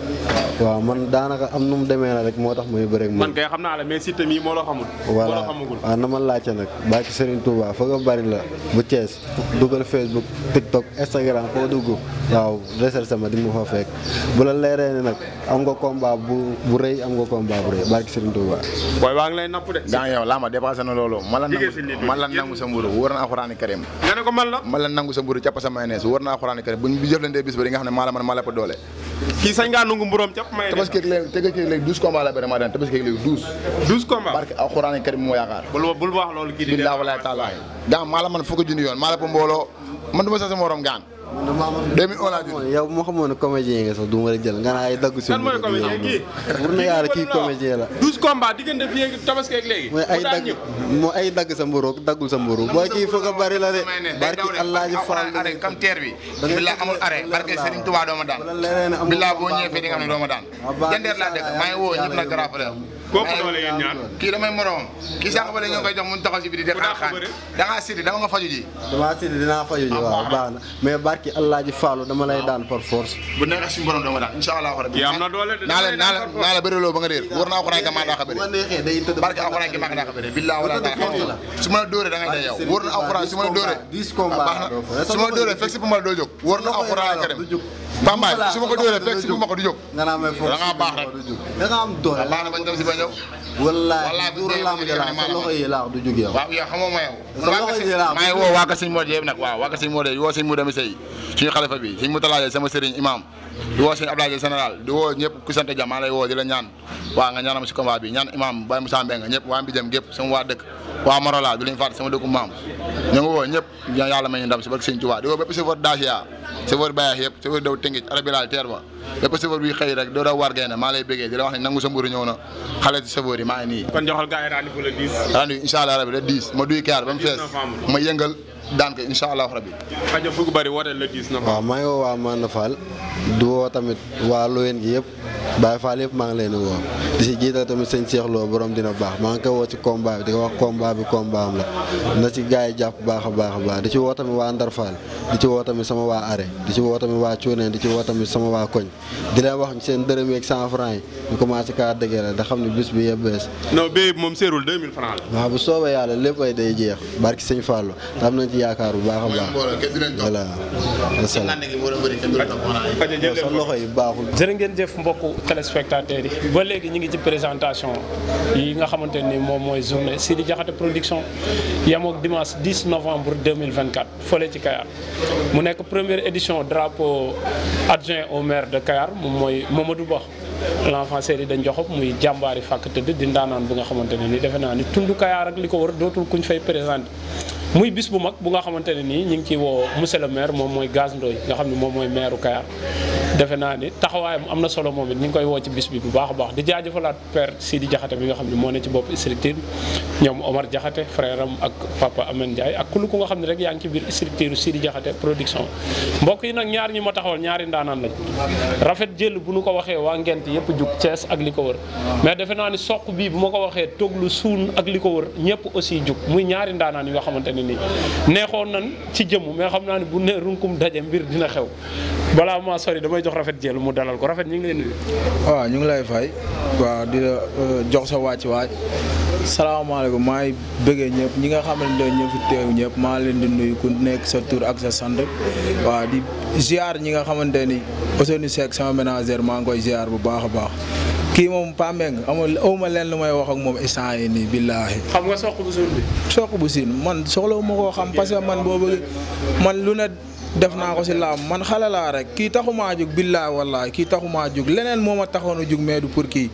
waaw man daanaka am nu mu demee na rek moo tax muy bëreeg man. man kay xam naa la mais Siteu mii moo la xamul. moo la xamagul voilà ah, na ma laajte nag barki Serigne Touba foog a bari la bu Thiès dugal Facebook TikTok Instagram foo dugg. waaw recherche ma di ma fa fekk bu la leeree ne nag am nga bu bu rëy am nga combat bu rëy barki Serigne Touba. booy waa ngi lay napp de. mbooloo nangu sa mburu wóor na karim nga nangu sa mburu càpp sa mayonnaise wóor karim buñ bi jëflantee bis ba di nga ne maa man maa la doole kii sañ ngaa nangu mburoom càpp mayonnaise tabaski léegi tabaski léegi douze combat la bëri maa daan tabaski léegi douze douze combat barke alxuraani karim moo yaakaar bul wax loolu kii di billaahi wallaahi taala gaa maa man fukki junni yoon maa la ma sa sa gaan demi olaajul yow moo xamoon ne comédien nga sax du ma la jël nga naa ay dagg si. kan mooy comédien la. 12 combats diggante fii ak tabaski ak ay dagg mooy sa mburu daggul sa mburu boo kii foog bari la de. barki allah ji faral arrêt bi. bilaa amul arrêt barke Serigne Touba doo ma daan. bilaa boo ñëwee fii di nga xam daan. jandeer laa dëkk maa ngi woo ñëpp nag kooku doole yéen ñaar kii damay moroom kii sànq ba ñoo koy jox mun taxaw si biir di xaar xaar da ngaa sidi dama nga faju ji damaa sidi dinaa faju ji ah, waaw baax na mais barki allah ji faalu dama lay ah. daan par force bu neexee suñu borom dama daan incha allah rabbi naa la naa ba nga réer war naa alxuraan ka daa xabare barki alxuraan ki daa xabare billaa wala daa su ma la dóoree da ngay dee yow na alxuraan su ma la dóoree su si ma doo jóg war na alxuraan karim Pambaay su ma ko si ma ko du jóg. nga naan may foofu si ma ko du jóg da ngaa na ba ñëw. wallaahi duuru du jóg yow. xamoo ma yow. sa loxo yi laax maa ngi woo waa ka sëñ Modou yëpp nag waaw waa ka sëñ Modou woo sëñ Modou Missé suñu xalifa bi sëñ Moutala sama sëriñ imam di woo sëñ Abdoulaye général di woo ñëpp ku sant jàmm maa lay woo di la ñaan waa nga ñaanam si combat bi ñaan imam Baye Moussa Mbengue ñëpp waa mbi dem gépp sama waa dëkk waa Morola du leen fàtte sama dëkku maam ñu ngi woo ñëpp yàlla may ñu ndam si barke Sëñ woo bépp chauffeur Dacia chauffeur Bayax yëpp chauffeur daw Tëngéej arabilal teer ba bépp chauffeur buy xëy rek doo daw war maa lay bëggee di wax nangu sa ñëw na xale si chauffeur yi maa ngi nii. kon joxal gars yi rendez-vous ma duy kaar ba fees ma yëngal daan ko incha allah rabi. rajo bëgg na. waaw maa ngi woo waa Manda Fall di woo tamit waa Loyen gi yëpp Baye Fall yëpp maa ngi leen di woo di si jiital tamit sëñ Cheikh Lo borom dina baax maa ngi ko woo ci combat bi di ko wax combat bi combat la na ci gars yi jàpp baax a baax a di ci woo tamit waa Ndar Fall di ci woo tamit sama waa Are di ci woo tamit waa di ci woo tamit sama waa koñ di leen wax seen dërëm yeeg cent franc yi ñu commencé kaa dëggee la da xam ne bis bi yëpp bees. non béy moom seerul deux mille franc la. day jeex barki sëñ Fallou yaakaar bu baax a baax. voilà. sa loxo yi baaxul. jërë ngeen jëf mbokku téléspectateurs yi ba léegi ñu ngi ci présentation yi nga xamante ni moom mooy journée Sidi Diakhaté production yem ak dimanche 10 novembre 2024 fële ci Kayar mu nekk première édition drapeau adjoint au maire de Kayar moom mooy Mamadou Ba. l'enfant série dañ joxob muy jàmbaari fàkk tëdd di ndaanaan bu nga xamante ne ni defe naa ni tund Kayaar ak li ko wër dootul kuñ fay présenté muy bis bu mag bu nga xamante ne nii ñu ngi ciy woo monsieur moom mooy Gass Ndoye nga xam ne moom mooy maire Kayar defe naa ni taxawaayam am na solo moom it ñu koy woo ci bu baax a baax di jaajëfalaat père Sidi Diakhaté bi nga xam ne rek yaa ngi ci biir structure Sidi Diakhaté production mbokk yi nag ñaar ñi ma taxawal ñaari ndaanaan lañ rafet jël bu nu ko waxee waa ngent yëpp jug Thiès ak li ko wër mais defe naa ni soq bii bu ma ko waxee toglu suun ak li ko wër ñëpp aussi jug muy ñaari ndaanaan yi nga xamante ni neexoon nan ci jëmm mais xam naa ne bu ne runkum daje mbir dina xew balaa ma sori damay jox rafet jël mu dalal ko rafet ñu ngi lay waaw ñu ngi lay fay waa di la euh, jox sa wàcc waaj salaamaaleykum maa ngi bëggee ñëpp ñi nga xamante ne ñoo fi teew ñëpp maa leen di nuyu ku nekk sa tur ak sa sant waaw di ziar ñi nga xamante ni Ousseynou Seck sama ménagère maa ngi koy ziar bu baax a baax. kii moom Pa Mbengue amul ma leen lu may wax moom instant yi billaahi. xam nga soq bu siin bi. soq bu siin man soxlawu ma koo xam parce man boo man lu ne. def naa ko si làmb man xale laa rek kii taxumaa jug billaay wallaay kii taxumaa jug leneen moo ma taxoon a jug mais du pour kii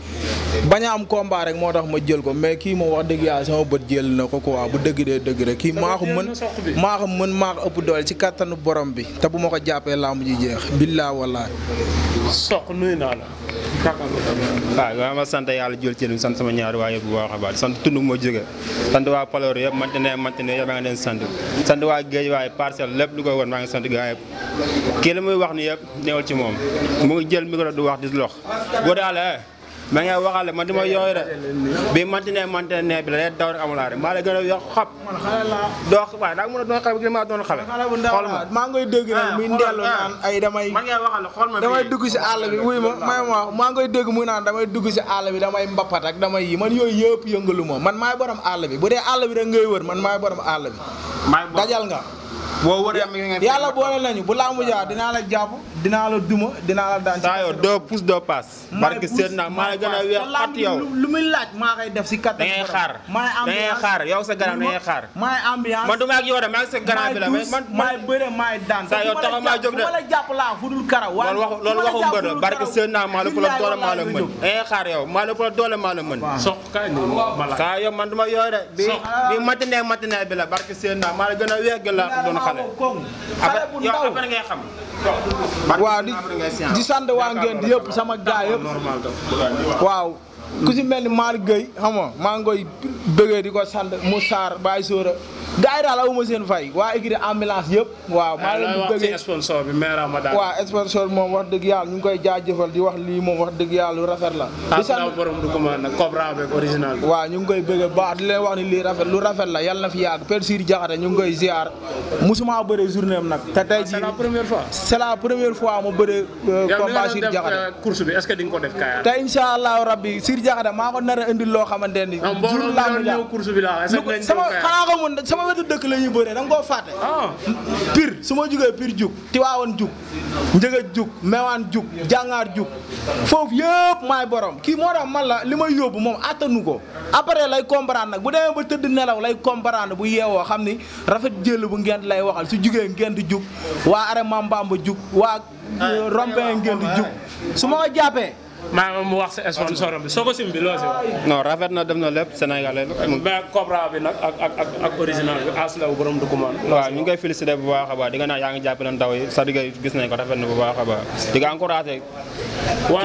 bañ am combat rek moo tax ma jël ko mais kii moom wax dëgg yàlla sama bët jël na ko quoi bu dëgg dee dëgg rek kii maa ko mën maa ko mën maa ko ëpp doole ci kàttanu borom bi te bu ma ko jàppee làmb ji jeex billaay wallaay soq nuyu naa la waaw maa ma sant yàlla jël ci sant sama ñaari waa bu baax a baax sant tund moo jóge sant waa Paloor yëpp mante ne yëpp maa ngi leen sant sant waa Géej waaye parcelle lépp lu ko gaa yëpp kii la muy wax ni yëpp newal ci moom mu ngi jël micro du wax di lox godaale ma ngay waxale man di ma yooyu rek bi mantine mantine bi la daw rek amulaare la gën a yokk xab doo waaye daa mën a doon xale bi maa ma maa ngoy dégg nag muy ndellu naan ay ma damay dugg si àll bi wuy ma may ma maa ngoy dégg muy naan damay dugg si àll bi damay mbappat ak damay yi man yooyu yëpp ma man maay borom àll bi bu dee àll bi rek ngay wër man maay borom àll bi dajal nga boo wëree yàlla boole nañu bu laamu jaar dinaa la jàpp dina la duma dina la daan. saa yo doo pousse doo passe. barke sen na ma gëna wéx a yow lu muy laaj ma ngay def ci kattan. da ngay xaar ma da ngay xaar yow sa garam da ngay xaar. ma maay ambiance man duma ak yow da ma ngi sa garam bi la mais man. maay bëre maay daan sa yo taxaw ma jóg de wala japp la jàpp laa fudul karaw. waaye loolu waxu loolu waxu mbër barke sen na ma la ko la doole maa la mën. da ngay xaar yow ma la ko la doole maa la mën. sox kaay ni ma la. saa yoo man duma ma yow de. bi bi matinée matinée bi la barke sen na ma la gëna wéx weex gën doon xalé xale bu ndaw après ngay xam waaw di sand sant waa ngeen di yëpp sama gaay yëpp waaw ku si mel ni Malick Gueye xam maa ngi bëggee di ko sant Moussa Baye Sora gars yi daal awuma seen fay waa écurie ambulance yëpp waaw maa bi maire Amadou waaw sponsor bi moom wax dëgg yàlla ñu ngi koy jaajëfal di wax lii moom wax dëgg yàlla lu rafet la di sant borom du commande nag Cobra avec original waaw ñu ngi koy bëggee baax di leen wax ni lii rafet lu rafet la yàlla na fi yàgg Père Sir Diakhaté ñu ngi koy musuma bëre journée nag te tey ah, jii c'est la fois c'est bëre euh, combat Sir Diakhaté euh, ko def kaay te insha allahu rabbi Sir Diakhaté maa ko nar a indil loo xamante laa ñëw course sama wetu dëkk la ñuy bëree da nga koo fàtte. Ah. pir su ma jugee pir jug tiwaawoon jug njëga jug mewaan jug jàngaar jug foofu yëpp maay borom kii moo tax man la li may yóbbu moom attanu ko après lay comprendre nag bu demee ba tëdd nelaw lay comprendre bu yeewoo xam ni rafet jël bu ngeen lay waxal su jugee ngeen di jug waa are mambamba jug waa rompe ngeen jug su ma ko jàppee maa mu wax sa sponsor bi soo ko sim bi loo si rafet na def na lépp sénégalais la. mais Cobra bi nag ak ak ak ak original bi as la borom du waaw ñu ngi koy félicité bu baax a baax di nga naan yaa ngi jàppale ndaw yi cest gis nañ ko rafet na bu baax a baax di nga encouragé.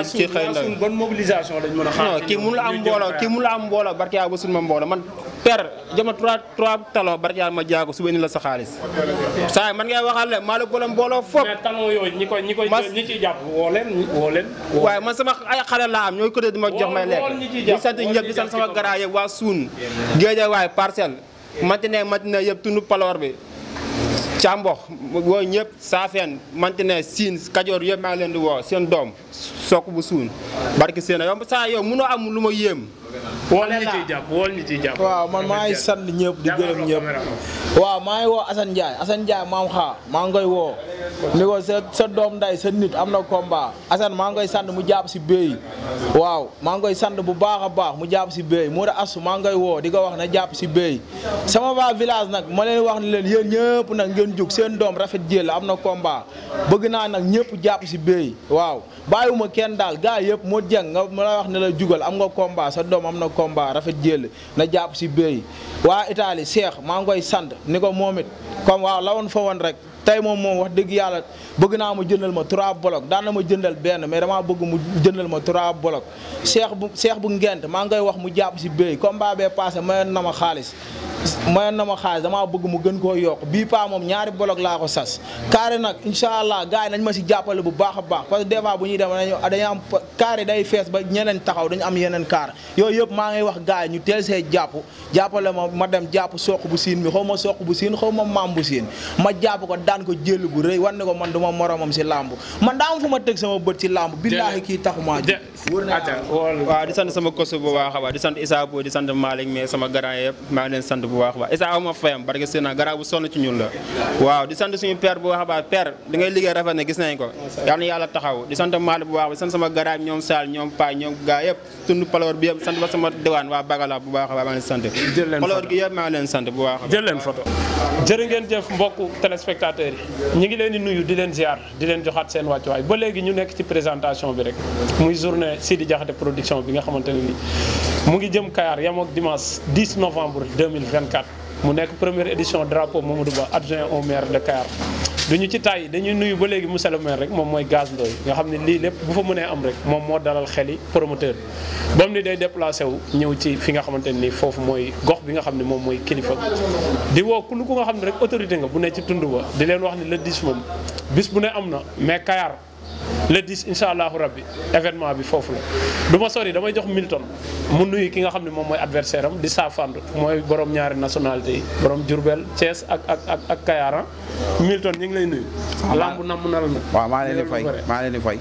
ci ci xëy na waaw suñ bonne mobilisation lañ mën a. kii mënul am mbooloo kii mënul am mbooloo barke yaa ba suñu ma mboola man. per jama trois trois talo bar yalla ma jaago suweni la sa xaliss say man ngay waxal ma la bolam bolo fop mais talo yoy ni ko ni ci japp wo len wo len way man sama ay xale la am ñoy ko dima jox may lek di sant ñeug di sant sama garaaye wa sun geejay way parcel matine matine yeb tunu palor bi cambox wo ñepp fen mantene sin kadior yeb ma len di wo sen dom sokku bu sun barki sen yo sa mu no am luma yem wool ñu ciy jàpp wool ñu waaw man maa ngi sant ñëpp di gërëm ñëpp waaw maa ngi woo Assane Ndiaye Assane Ndiaye xaa maa ngay koy woo ni ko sa doom nday sa nit am na combat Assane maa ngi koy mu jàpp si béy waaw maa ngi koy sant bu baax a baax mu jàpp si béy mu da asu maa ngi woo di ko wax na jàpp si béy sama waa village nag ma leen wax ni leen yéen ñëpp nag ngeen jug seen doom rafet jéel am na komba bëgg naa nag ñëpp jàpp si béy waaw bàyyiwuma kenn daal gaa yëpp moo jeng nga la wax ne la jugal am nga komba sa doom am na komba rafet jéel na jàpp si béy waa Italie Cheikh maa ngi koy ni ko moom tey moom moom wax dëgg yàlla bëgg naa ma jëndal ma trois bloc daan na ma jëndal benn mais damaa bëgg mu jëndal ma trois bloc seex bu seex bu ngent maa ngi koy wax mu jàpp si béy combat bee passé mayoon na ma xaalis mayoon na ma xaalis damaa bëgg mu gën koo yokk bii paa moom ñaari bloc laa ko sas carré nag incha allah gars nañ ma si jàppale bu baax a baax parce que des fois bu ñuy dem dañu am carré day fees ba ñeneen taxaw dañu am yeneen carré yooyu yëpp maa ngay wax gars ñu teel see jàpp jàppale ma ma dem jàpp soq bu siin bi xaw ma soq bu siin xaw ma maam bu siin ma jàpp ko daan ko jël bu rëy wan ne ko man ma moromam si làmb man daa am fu ma teg sama bët si làmb billaahi kii taxumaa wër naa waaw di sant sama kosu bu baax a baax di sant Issa Bo di sant Malick mais sama grand yëpp maa ngi leen sant bu baax a baax Issa awma fayam parce que bu sonn ci ñun la waaw di sant suñu père bu baax a baax père li ngay liggéey rafet na gis nañ ko yal na yàlla taxaw di sant Malick bu baax di sant sama grand ñoom Sall ñoom Paa ñoom gaa yëpp tund paloor bi yëpp sant ba sama diwaan waa Bagala bu baax a baax maa ngi sant paloor gi yëpp maa ngi leen sant bu baax jël leen photo di nuyu di leen ziar joxaat seen wàccuwaay ba léegi ñu nekk ci présentation bi Sidi Diakhaté production bi nga xamante ne ni mu ngi jëm Kayar yam ak dimanche novembre mu nekk première édition drapeau Mamadou Ba adjoint au maire de Kayar duñu ci tàyyi dañuy nuyu ba léegi monsieur le rek moom mooy gaz ndoy nga xam ne lii lépp bu fa mënee am rek moom moo dalal xeli promoteur ba ni day déplacé ñëw ci fi nga xamante ni foofu mooy gox bi nga xam ne moom mooy kilifa di woo ku lu ko nga xam ne rek autorité nga bu ne ci tund ba le 10 incha allahu rabbi événement bi foofu la du ma sori damay jox Milton mu nuyu ki nga xam ne moom mooy adversaire am di saafandu mooy borom ñaari nationalité boroom borom Diourbel Thiès ak ak ak ak Kayaaran ah. Milton ñu ngi lay nuyu. lamb namm na la nag. waaw maa leen di fay maa leen di fay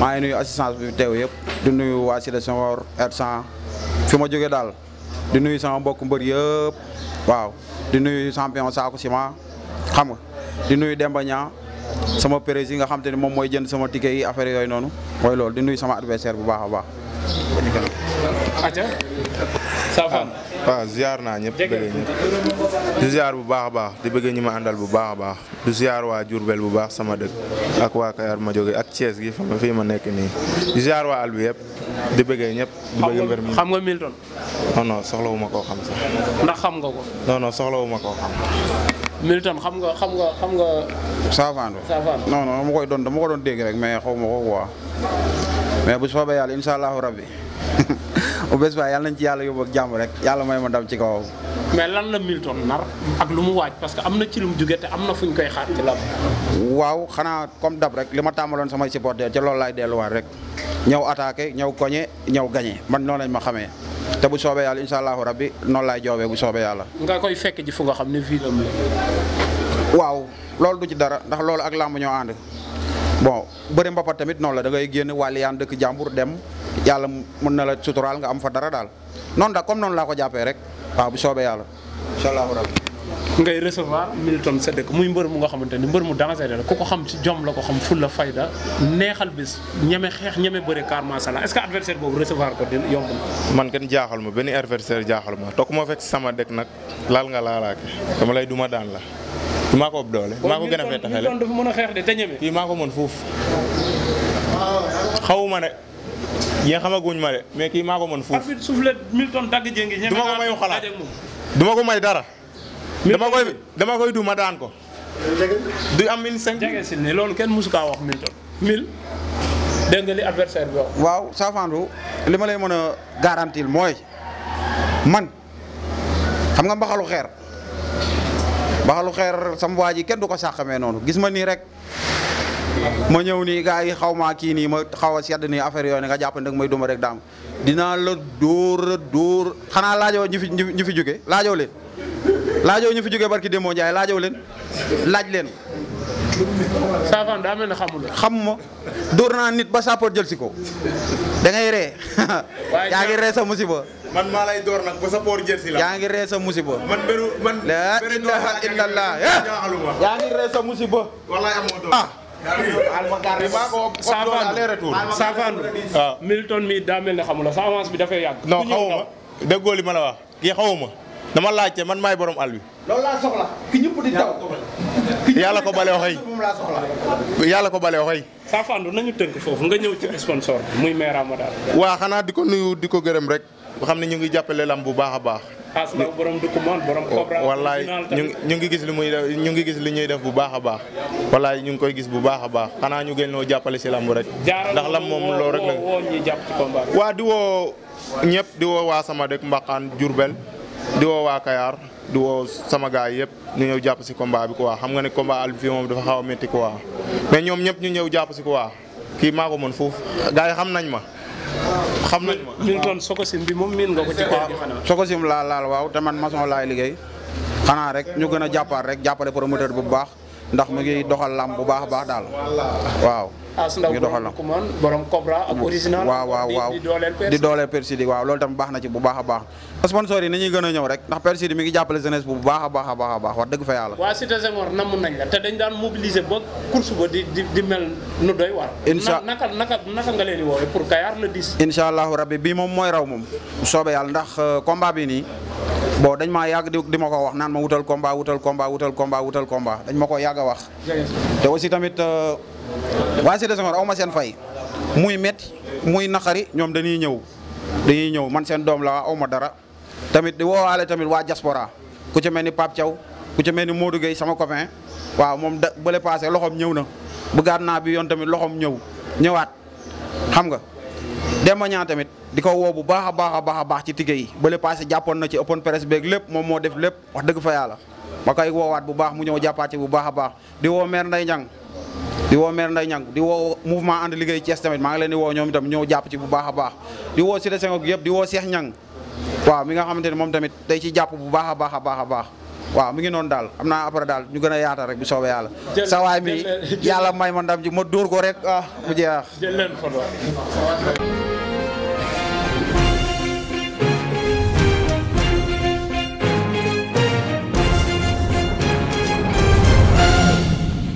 maa ngi nuyu assistance bi teew yëpp di nuyu waa Cité Senghor R100 fi ma jógee daal di nuyu sama mbokk mbër yëpp waaw di nuyu champion Saaku Ciment xam nga di nuyu Demba sama pérés yi nga xamanteni mom moy jënd sama ticket yi affaire yoy nonu moy lool di nuy sama adversaire bu baax a baax. atia. saafara ah, waaw ziar na ñep bëgg ñu di ziar bu baax baax di bëgg ñi andal bu baax baax du ziar wa jurbel bu baax sama dëkk ak wa Kayar ma joggé ak Thiès gi fa fi ma nekk ni di ziar wa àll bi di bëgg ñep di bëgg mbir mi xam nga Milton. non non soxlawu ma koo xam sax. ndax xam nga ko. non non soxlawu ma koo xam. militant xam nga xam nga xam nga. saafaan saafaan non non dama koy doon dama ko doon dégg rek mais xaw ma ko quoi mais bu soobee yàlla incha allahu rabbi bu bés ba yàlla nañ ci yàlla yóbbu ak jàmm rek yàlla may ma dam ci kawam. mais lan la Milton nar ak lu mu waaj parce que am na ci lu mu jóge te am na fu ñu koy xaar ci lam waaw xanaa comme dab rek li ma tàmbaloon samay supporter ca loolu laay delluwaat rek ñëw attaqué ñëw koñe ñëw gañe man noonu lañ ma xamee. té bu soobé yalla inshallah rabbi non lay jowé bu soobé yalla nga koy fekk ji fu nga xamné ne fii la waaw loolu du ci dara ndax lool ak lamb ñoo and bon bëri mbapa tamit non la da ngay génn wali yaan dëkk jambour dem yalla mën na la sutural nga am fa dara dal non da comme non la ko jappé rek waaw bu soobé yalla incha allahu rabi. ngay recevoir militant sa dëkk muy mbër mu nga xamante ni mbër mu danger la ku ko xam ci jom la ko xam ful la fayda neexal bis ñeme xeex ñeme bëre car macha allah est-ce adversaire boobu recevoir ko dina yomb na. man kenn jaaxal ma benn adversaire jaaxal ma toog ma fekk sama dëkk nag laal nga laalaake dama lay duma daan la. maa ko ëpp doole maa ko gën a fee taxale a xeex de te ñeme. kii maa ko mën fuuf xawuma ne yéen xamaguñ ma de mais kii maa ko mën fuuf. arbitre soufflet duma ko may dara. dama koy dama koy du daan ko. du am mille cinq. jege si ne loolu kenn musu kaa wax Milton. mille dégg nga li adversaire bi wax. waaw Safandu li ma lay mën a garantir mooy man xam nga mbaxalu xeer mbaxalu xeer sam waa ji kenn du ko sàqamee noonu gis ma nii rek. ma ñew ni gaay xawma ki ni kii ma xaw sedd ni affaire ni nga japp ne may duma rek dam dina la dóor a xana xanaa ñu fi ñu fi jóge laajoo leen laajoo ñu fi jóge barki demo jaay laajoo leen laaj leen. saafaan daa mel ne xamul xamuma dóor naa nit ba sapeur jël ci ko da ngay ré ya ngi ré sa musiba. man ma lay door nak ba sa poor jël ci la. ya ngi ré sa musiba. man beru man. do ilaha illallah ya ngi ré sa musiba. wallahi amoo door ah. saafaandu waaw Milton mi daa mel ne xamula sa bi dafay yàgg non xawuma déggoo li ma la wax kii xawuma dama laajte man maay borom àll bi loolu laa soxla ki yàlla ko bale waxay yàlla ko bale waxay saafaandu nañu tënk foofu nga ñëw ci sponsor muy maire Amadou waaw xanaa di ko nuyu di ko gërëm rek xam ne ñu ngi jàppale lam bu baax a baax xaas ndaw borom dëkk moom borom oh, Cobra. wallaay ñu ngi gis li muy ñu ngi gis li ñuy def bu baax a baax. wallaay ñu ngi koy gis bu baax a baax xanaa ñu gën noo jàppale si lamb rek. ndax lam moom loolu rek la woo ñuy waa di woo ñëpp di woo waa sama dëkk Mbaxaan Diourbel di woo waa kayaar di woo sama gaa yëpp ñu ñëw jàpp si combat bi quoi xam nga ne combat al fii moom dafa xaw a métti quoi mais ñoom ñëpp ñu ñëw jàpp si quoi kii maa ko mën foofu gars yi xam nañ ma xam nañ ma ñun kon Sococim bi moom miin nga ko ci kër gi laal laal waaw te man maçon laay liggéey xanaa rek ñu gën a jàppaat rek jàppale promoteur bu baax ndax mu ngi doxal lamb bu baax a baax daal. waaw. mu ngi doxal lamb borom Cobra ak original. waaw waaw waaw di dooleel Persidi waaw loolu tam baax na ci bu baax a baax. sponsor yi nañuy gën a ñëw rek ndax Persidi mi ngi jàppale jeunesse bu baax a baax a baax a baax wax dëgg fa yàlla. waa Cité Senghor namm nañ la te dañ daan mobiliser ba course ba di di di mel nu doy war. incha naka naka naka nga leen di woowee pour allahu rabbi bii moom mooy raw moom soobee yàlla ndax euh, combat bi nii. bon dañ maa yàgg di ma ko wax naan ma wutal combat wutal combat wutal combat wutal combat dañ ma ko yàgg a wax. te aussi tamit euh, waa Cité Senghor aw ma seen fay muy metti muy naqari ñoom dañuy ñëw dañuy ñëw man seen doom la aw ma dara tamit di woowaale tamit waa diaspora ku ci mel ni Pape Thiaw ku ci mel ni sama copain waaw moom da bële loxoom ñëw na bëggaat naa bi yoon tamit loxoom ñëw ñëwaat xam nga. Demba tamit di wo bu baakha baakha baakha baax ci tige yi le passé japon na ci open press beeg lepp mom mo def lepp wax deug fa yàlla ma koy woowaat bu baax mu ñew jappati bu baakha baax di wo mer nday ñang di wo mer nday ñang di wo mouvement ànd liggéey Thiès tamit ma ngi leni wo ñom tam ñew ñëw ci bu baakha baax di wo Cité sengok yeb di wo Cheikh ñang waaw mi nga xamanteni mom tamit day ci japp bu baakha baakha baakha baax a waaw mi ngi non dal amna après dal ñu gëna yaata rek bu soobé yalla sa way mi yalla may ma ndam ji mo door ko rek ah mu jeex. jël leen